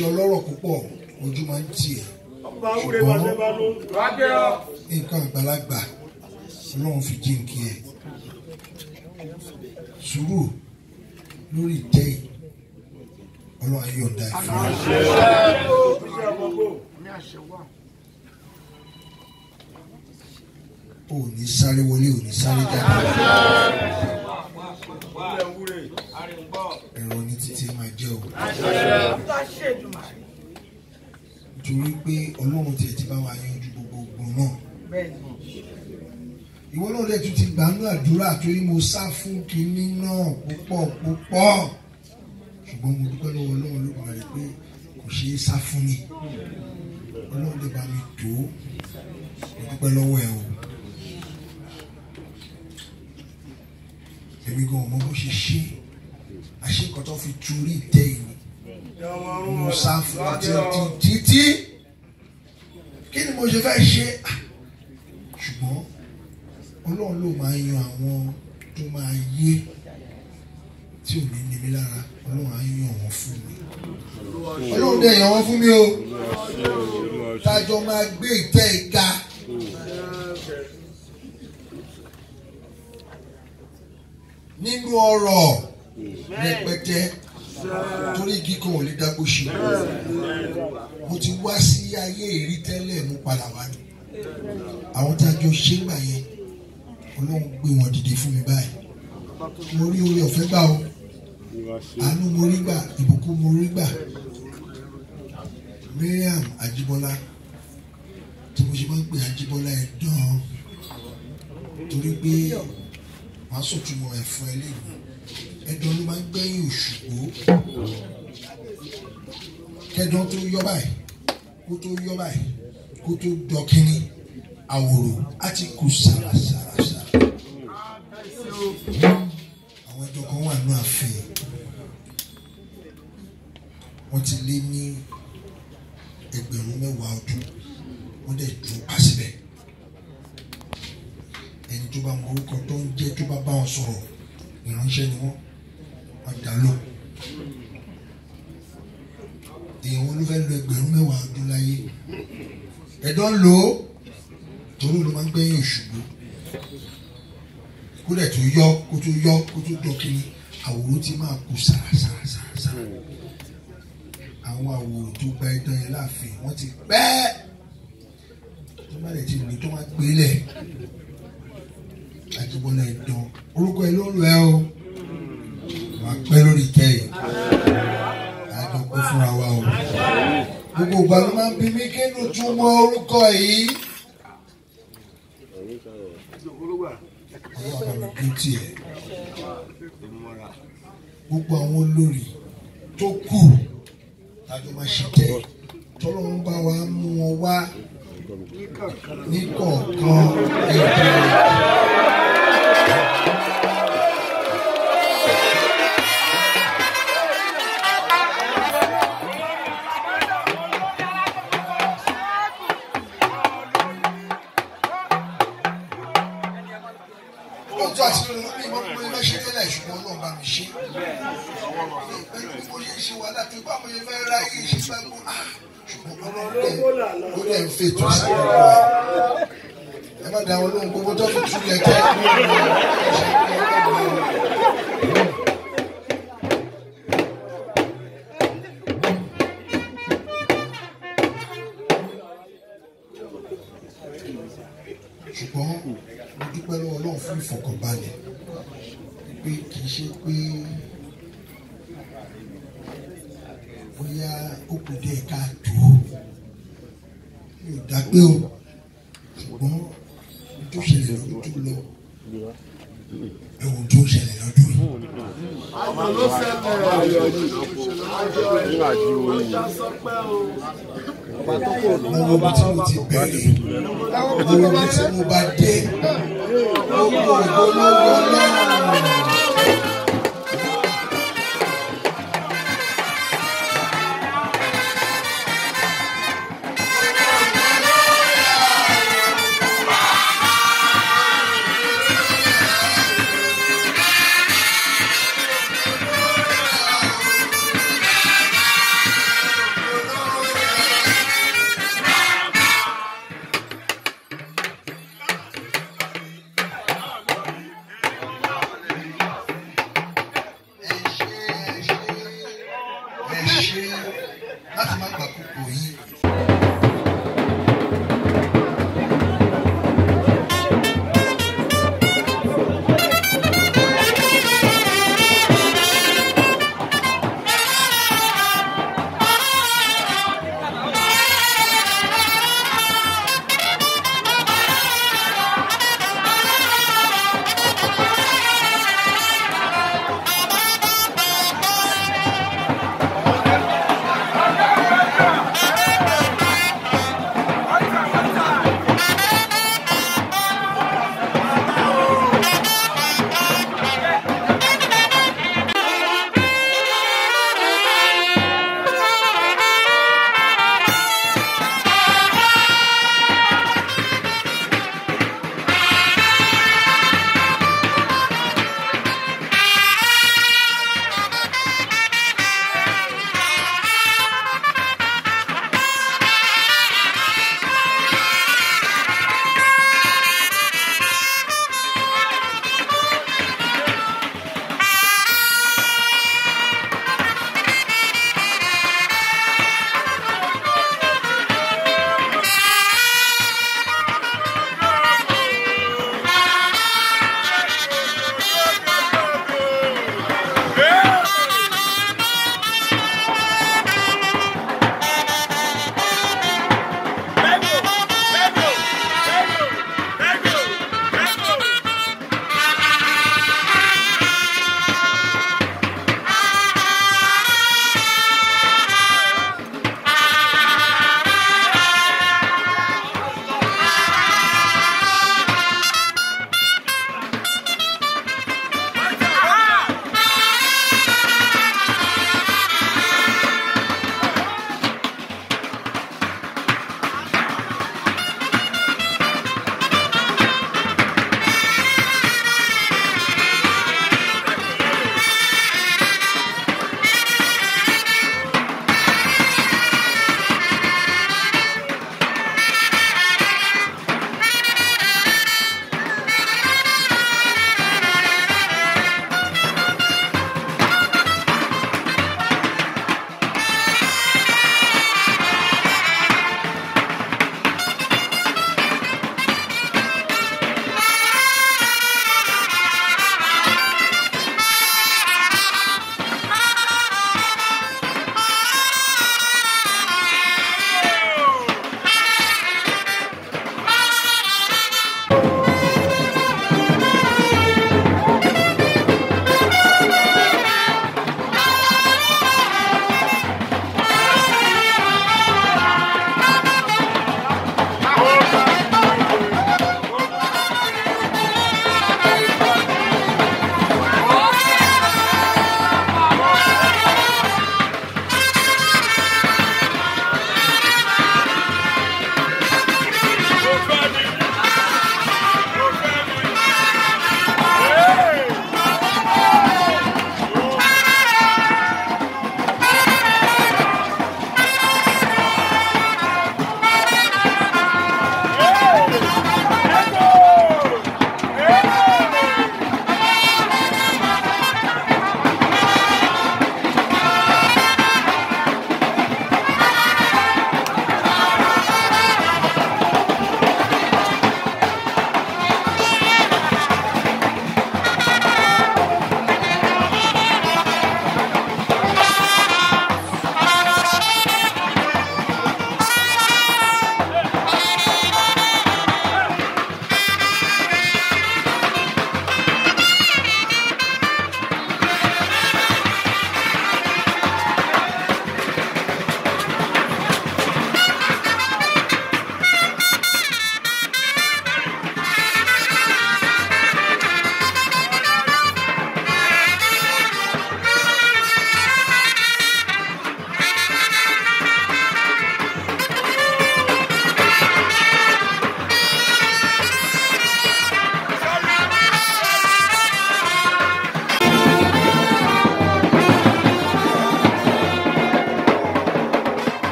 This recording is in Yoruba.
ṣe ọlọ́rọ̀ púpọ̀ ojú máa ń tì ẹ́ ṣùgbọ́n nǹkan àgbàlagbà ọlọ́run fi jíǹkí ẹ̀ sùúrù lórí ìtẹ́ yìí ọlọ́run ayé ọ̀dà ìfúnni. ò ní sáré wọlé ò ní sáré jáde ìrànlọ́wọ́ ní títí máa jẹ́ o. nítorí pé ọlọ́run tiẹ̀ ti bá wa yanjú gbogbo náà. ìwọ náà lè tún ti gbàánú àdúrà torí mo sá fún kinní náà púpọ̀ púpọ̀ ṣùgbọ́n mo dúpẹ́ lọ́wọ́ ọlọ́run ló bàrẹ̀ pé kò ṣeé sá fún mi ọlọ́run lè bá mi tó mo dúpẹ́ lọ́wọ́ ẹ o. èmi gan ò mọ bó ṣe ṣe é àṣekọ̀tọ́ fi turi tẹ ìwé musa fúlàtí títí kí ni mo ṣe fẹ́ ṣe ah! ṣùgbọ́n ọlọ́run ló máa yan àwọn tó máa yé tí ò ní níbi lára ọlọ́run á yan wọn fún mi ọlọ́run dẹ̀ yan wọn fún mi o tájọ máa gbé ìtẹ́ ìga. nínú ọ̀rọ̀ rẹpẹtẹ torí igi kan ò lè dágbó ṣe mo ti wá sí ayé èrí tẹ́lẹ̀ mo padà wá ní àwọn tá a jọ ṣe ń gbà yẹn ọlọ́run gbé wọn dìde fún mi báyìí mo rí orí ọ̀fẹ́ gbà o àánú mo rí gbà ìbùkún mo rí gbà Mariam Ajíbọ́lá tí mo ṣe máa ń pè Ajíbọ́lá ẹ̀ dán torí pé màá sọ̀tún ẹ̀fọ́ ẹ lè ẹ̀dọ̀ ló máa ń gbẹ̀yìn òṣùpó kẹ́dọ̀ tó yọ báyìí kó tó yọ báyìí kó tó dọ̀kínní àwòrò á ti kù sàràsàràsà àwọn ẹ̀dọ̀ kan wà nínú ààfin wọ́n ti lé ní ẹgbẹ̀rún mẹ́wàá ọdún wọ́n dẹ̀ dùn pa síbẹ̀ ẹni tó bá mọ orúkọ tó ń jẹ́ tó bá bá wọn sọ̀rọ̀ ìránṣẹ́ ni wọ́n padà lọ èèyàn ló fẹ́ lo ẹgbẹ̀rún mẹ́wàá ọdún láyé ẹ̀dọ́ lò ó torí ló máa ń gbẹ́yìn òṣùgbó kó dẹ̀ tó yọ kó tó yọ kó tó dọ̀kiri àwòrán ti máa kú sàràsàràsàrà àwọn àwòrán tó gba ẹdán yẹn láàfin wọ́n ti pẹ́ tó bá lè ti lò tó máa gbélé àjẹbọ́lá ẹ̀dán orúkọ ẹ ló ń lọ ẹ o pẹ́ lórí ìtẹ́yìn àjọpọ̀ fúnra wa o gbogbo ìgbà ló máa ń bí mi kí ló tún mọ orúkọ yìí. ọlọ́wọ́ àbàlọ́ kí n tiẹ̀ gbogbo àwọn olórí tó kù tàbí máa ṣe tẹ tọ́lọ́run bá wa mú wọn wá ní kọ̀ọ̀kan ẹ̀jẹ̀. sí lórí wọn ìwọ pé ṣe tẹ́lẹ̀ ṣùgbọ́n náà bá mi ṣe. ìgbẹ́ kó ṣe ṣe wàhálà tó bá mo yẹ fẹ́ ra iye ṣe fẹ́ kó a ṣùgbọ́n ó lẹ̀ ń fètò sí ọ̀rọ̀ ẹ̀. ẹ má da wọn lóhun gbogbo tó fi túlẹ̀ tẹ́ ṣùgbọ́n mo dúpẹ́ lọ́wọ́ Ọlọ́run fún ìfọ̀kànbá ṣe pé bóyá ó kù díẹ̀ káàtó mi ò dápé o ṣùgbọ́n tó ṣẹlẹ̀ lọ́dún lọ ewu tó ṣẹlẹ̀ lọ́dún. àjọ ló ṣẹlẹ̀ àjọ ìjà sọ pé o. Mo tí mo ti bẹ̀rẹ̀, mo wo tí mo bá dé, mo kò gbólógbó 那他么可不